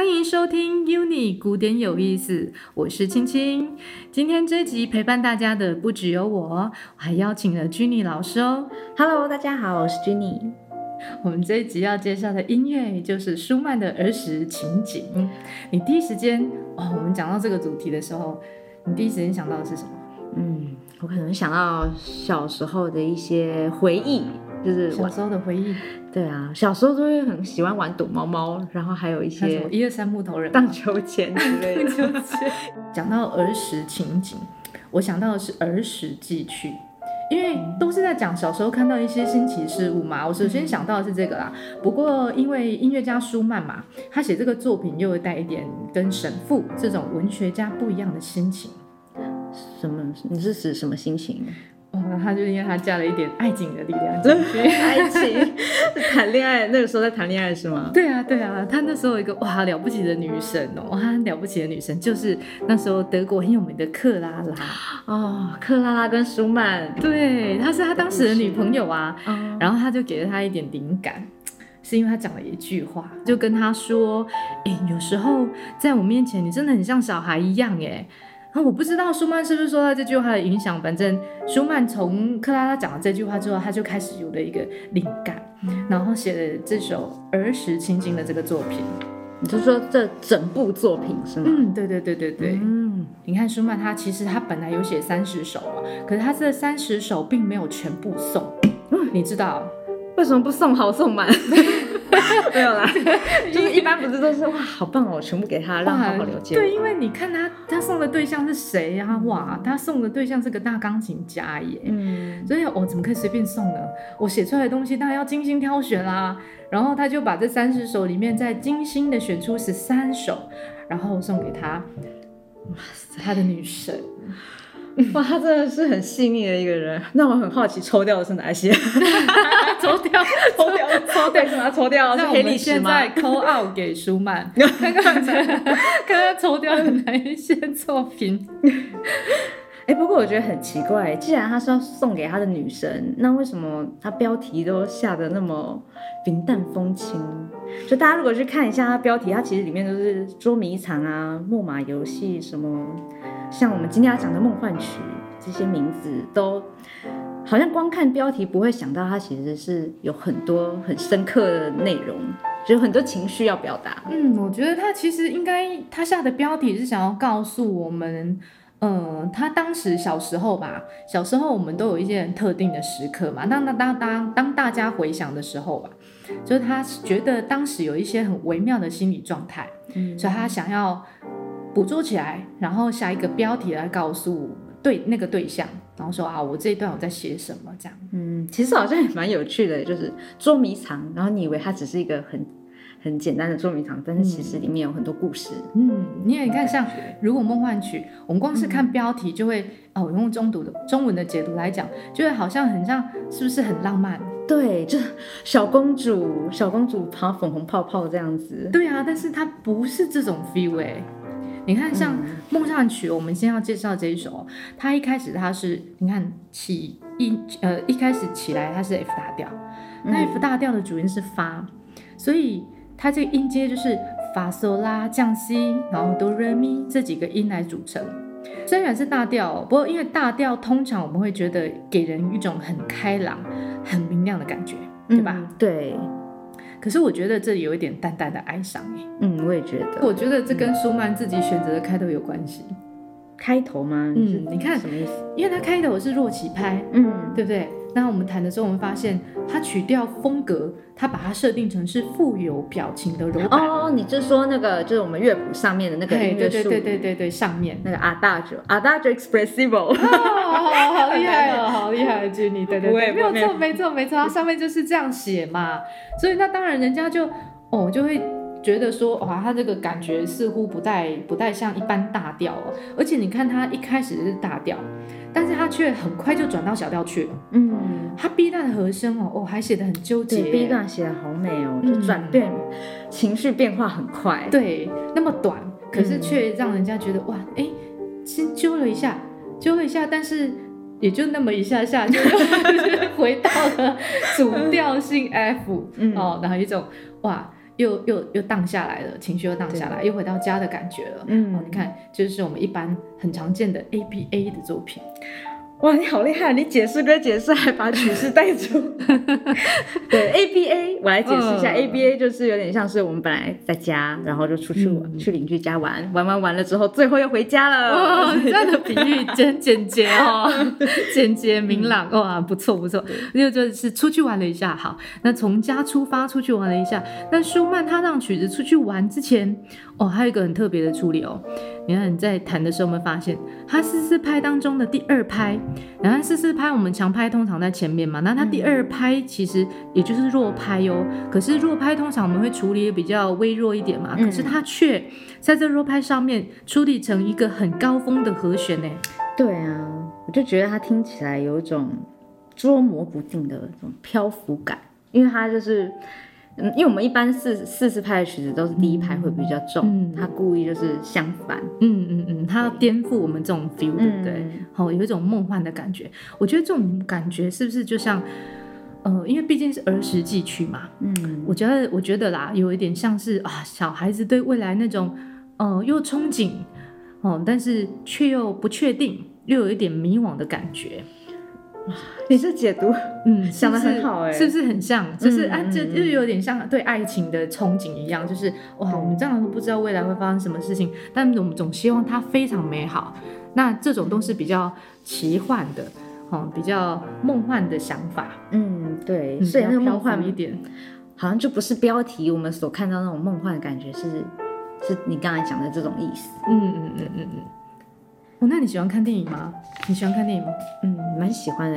歡迎收聽《UNI 古典有意思》，我是青青。今天這集陪伴大家的不只有我，我還邀請了 Ginny 老師哦。Hello，大家好，我是 Ginny。我們這一集要介紹的音樂就是舒曼的《兒時情景》。嗯，你第一時間哦，我們講到這個主題的時候，你第一時間想到的是什麼？嗯，我可能想到小時候的一些回憶。就是小時候的回憶，對啊，小時候都會很喜歡玩躲貓貓，然後還有一些什麼一二三木頭人、盪秋千之類的 盪秋千。講到兒時情景，我想到的是兒時記趣，因為都是在講小時候看到一些新奇事物嘛。我首先想到的是這個啦。嗯。不過因為音樂家舒曼嘛，他寫這個作品又會帶一點跟神父這種文學家不一樣的心情。什麼？你是指什麼心情？那、哦、他就因為他加了一點愛情的力量，真的，愛 情 談戀愛，那個時候在談戀愛是嗎？對啊，對啊，他那時候有一個哇了不起的女神哦，哇很了不起的女神就是那時候德國很有名的克拉拉哦，克拉拉跟舒曼，嗯、對，她、嗯、是他當時的女朋友啊，嗯、然後他就給了她一點靈感、嗯，是因為他講了一句話，就跟他說，哎，有時候在我面前你真的很像小孩一樣耶，誒啊、哦，我不知道舒曼是不是受到這句話的影響。反正舒曼從克拉拉講了這句話之後，他就開始有了一個靈感，然後寫了這首兒時情景的這個作品、嗯。你就說這整部作品是嗎？嗯，對對對對對。嗯，你看舒曼他其實他本來有寫三十首嘛，可是他這三十首並沒有全部送。嗯、你知道為什麼不送好送滿？ 沒有了啦， 就是一般不是都是哇，好棒哦！我全部給他，讓他好，好了解、啊。對，因為你看他他送的對象是誰呀？啊？哇，他送的對象是個大鋼琴家耶。嗯、所以我、哦、怎麼可以隨便送呢？我寫出來的東西當然要精心挑選啦、啊。然後他就把這三十首裡面再精心的選出十三首，然後送給他哇塞，他的女神。哇，他真的是很細膩的一個人。那我很好奇，抽掉的是哪一些？ 抽掉，欸、抽掉，對，是嗎？抽掉，那我們現在 call out 給舒曼看看，看看抽掉的哪一些作品。哎、欸，不過我覺得很奇怪，既然他是要送給他的女神，那為什麼他標題都下的那麼雲淡風輕？就大家如果去看一下他標題，他其實裡面都是捉迷藏啊、木馬遊戲什麼。像我們今天要講的《夢幻曲》，這些名字都好像光看標題不會想到，它其實是有很多很深刻的內容，就是、很多情緒要表達。嗯，我覺得他其實應該他下的標題是想要告訴我們，嗯、呃，他當時小時候吧，小時候我們都有一些很特定的時刻嘛，當當當當，當大家回想的時候吧，就是他覺得當時有一些很微妙的心理狀態，嗯、所以他想要。捕捉起來，然後下一個標題來告訴對那個對象，然後說啊，我這一段我在寫什麼這樣。嗯，其實好像也蠻有趣的，就是捉迷藏。然後你以為它只是一個很很簡單的捉迷藏，但是其實裡面有很多故事。嗯，嗯，你也看，像如果夢幻曲，我們光是看標題就會、嗯、哦，用中讀的中文的解讀來講，就會好像很像是不是很浪漫？對，就是小公主，小公主爬粉紅泡泡泡這樣子。對啊，但是它不是這種 feel 哎。你看，像《夢幻曲》，我們先要介紹這一首、嗯。它一開始它是，你看起音呃，一開始起來它是 F 大調，那、嗯、F 大調的主音是發，所以它這個音階就是發、嗦、拉、降西，然後哆、瑞、咪這幾個音來組成。雖然是大調、喔，不過因為大調通常我們會覺得給人一種很開朗、很明亮的感覺，嗯、對吧？對。可是我覺得這有一點淡淡的哀傷。嗯，我也覺得。我覺得這跟舒曼自己選擇的開頭有關係，開頭嗎？嗯，你看，什麼意思？因為他開頭是弱起拍，嗯，對不對？那我們彈的時候，我們發現它曲調風格，它把它設定成是富有表情的柔板哦，你就說那個，就是我們樂譜上面的那個對對對對對對，對，對，上面，上面那個 Adagio，Adagio espressivo。哈哈，好厲害哦，好厲害！Ginny 對，對對，對。沒有錯沒錯沒錯，沒錯沒錯 上面就是這樣寫嘛。所以那當然人家就哦就會。覺得說哇，他、哦、這個感覺似乎不太不太像一般大調哦，而且你看他一開始是大調，但是他卻很快就轉到小調去了。嗯，他 B 段的和聲哦哦還寫得很糾結，B 段寫得好美哦，就轉變、嗯、對情緒變化很快。對，那麼短，可是卻讓人家覺得、嗯、哇，哎，先揪了一下，揪了一下，但是也就那麼一下下就 回到了主調性 F、嗯、哦，然後一種哇。又又又盪下來了，情緒又盪下來，又回到家的感覺了。嗯，你看，就是我們一般很常見的 ABA 的作品。哇，你好厲害！你解釋跟解釋還把曲式帶出， 對，ABA，我來解釋一下、oh.，ABA 就是有點像是我們本來在家，然後就出去玩，嗯、去鄰居家玩，嗯、玩玩玩了之後，最後又回家了。這樣的比喻 簡簡潔哦， 簡潔明朗、 嗯，哇，不錯不錯，又就是出去玩了一下。好，那從家出發出去玩了一下。那舒曼他讓曲子出去玩之前，哦，還有一個很特別的處理哦，你看你在彈的時候有沒有發現，他是四四拍當中的第二拍。然後四四拍，我們強拍通常在前面嘛，那它第二拍其實也就是弱拍喲、哦嗯。可是弱拍通常我們會處理得比較微弱一點嘛、嗯，可是它卻在這弱拍上面處理成一個很高峰的和弦呢、欸。對啊，我就覺得它聽起來有一種捉摸不定的這種漂浮感，因為它就是。嗯，因為我們一般四四四拍的曲子都是第一拍會比較重，他、嗯、故意就是相反，嗯嗯嗯，他、嗯、要顛覆我們這種 feel，對不對？好、哦，有一種夢幻的感覺、嗯，我覺得這種感覺是不是就像，呃，因為畢竟是兒時記憶嘛，嗯，我覺得我覺得啦，有一點像是啊，小孩子對未來那種，呃，又憧憬，哦，但是卻又不確定，又有一點迷惘的感覺。哇，你是解讀，嗯，想得很好哎、欸，是不是很像？就是、嗯、啊，就就有點像對愛情的憧憬一樣，就是哇，我們這樣都不知道未來會發生什麼事情，但我們總希望它非常美好。那這種都是比較奇幻的，哦、嗯，比較夢幻的想法。嗯，對，是有點夢幻、嗯、一點，好像就不是標題我們所看到那種夢幻的感覺，是，是你剛才講的這種意思。嗯嗯嗯嗯嗯。嗯嗯哦，那你喜歡看電影嗎？你喜歡看電影嗎？嗯，蠻喜歡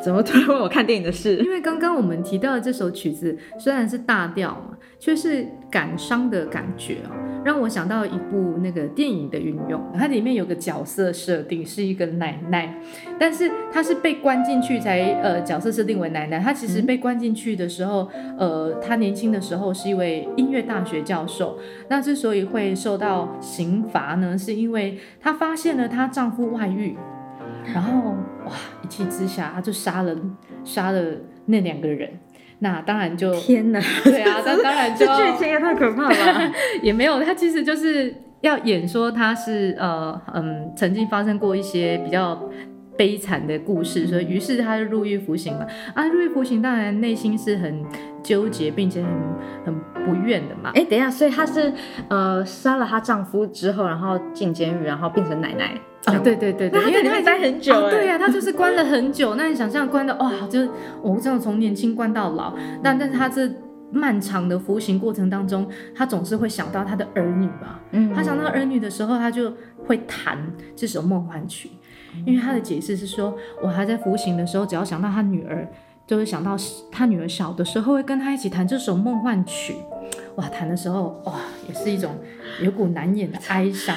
誒，怎麼突然問我看電影的事？ 因為剛剛我們提到的這首曲子，雖然是大調嘛，卻是感傷的感覺哦。讓我想到一部那個電影的運用，它裡面有個角色設定是一個奶奶，但是她是被關進去才呃角色設定為奶奶。她其實被關進去的時候，嗯、呃，她年輕的時候是一位音樂大學教授。那之所以會受到刑罰呢，是因為她發現了她丈夫外遇，然後哇一氣之下她就殺了殺了那兩個人。那當然就天哪，對啊， 那當然就劇情也太可怕了吧， 也沒有，他其實就是要演說他是呃嗯、呃、曾經發生過一些比較悲慘的故事，所以於是她就入獄服刑嘛啊，入獄服刑當然內心是很糾結，並且很很不願的嘛。哎、欸，等一下，所以她是呃殺了她丈夫之後，然後進監獄，然後變成奶奶啊、哦？對對對對，那在裡面待很久、哦？對呀、啊，她就是關了很久。 那你想象關的哇，就是我、哦、這樣從年輕關到老。那但是她這漫長的服刑過程當中，她總是會想到她的兒女吧？嗯，她想到兒女的時候，她就會彈這首《夢幻曲》。因為他的解釋是說，我還在服刑的時候，只要想到他女兒，就會、是、想到他女兒小的時候會跟他一起彈這首《夢幻曲》。哇，彈的時候哇、哦，也是一種有股難掩的哀傷。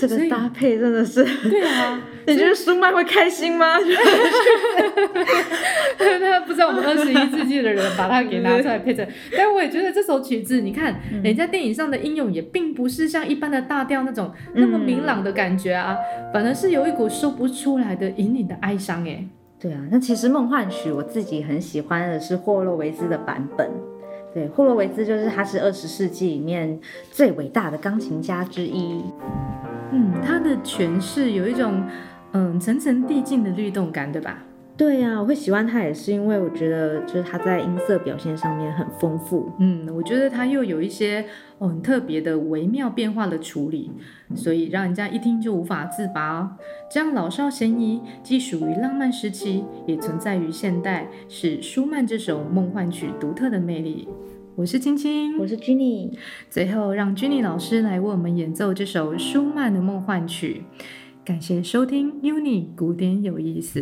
這個搭配真的是，對啊。 你覺得舒曼會開心嗎？那 不知道我們二十一世紀的人把它給拿出來配着，但我也覺得這首曲子，你看人家電影上的運用也並不是像一般的大調那種、嗯、那麼明朗的感覺啊，反而是有一股說不出來的隱隱的哀傷哎、欸。對啊，那其實《夢幻曲》我自己很喜歡的是霍洛維茲的版本。對，霍洛維茲就是，他是二十世紀裡面最偉大的鋼琴家之一。嗯，他的詮釋有一種嗯層層遞進的律動感，對吧？對呀、啊，我會喜歡它，也是因為我覺得就是它在音色表現上面很豐富。嗯，我覺得它又有一些很特別的微妙變化的處理，嗯、所以讓人家一聽就無法自拔、哦。這樣老少咸宜，既屬於浪漫時期，也存在於現代，是舒曼這首夢幻曲獨特的魅力。我是青青，我是 Ginny。最後讓 Ginny 老師來為我們演奏這首舒曼的夢幻曲。感謝收聽《UNI 古典有意思》。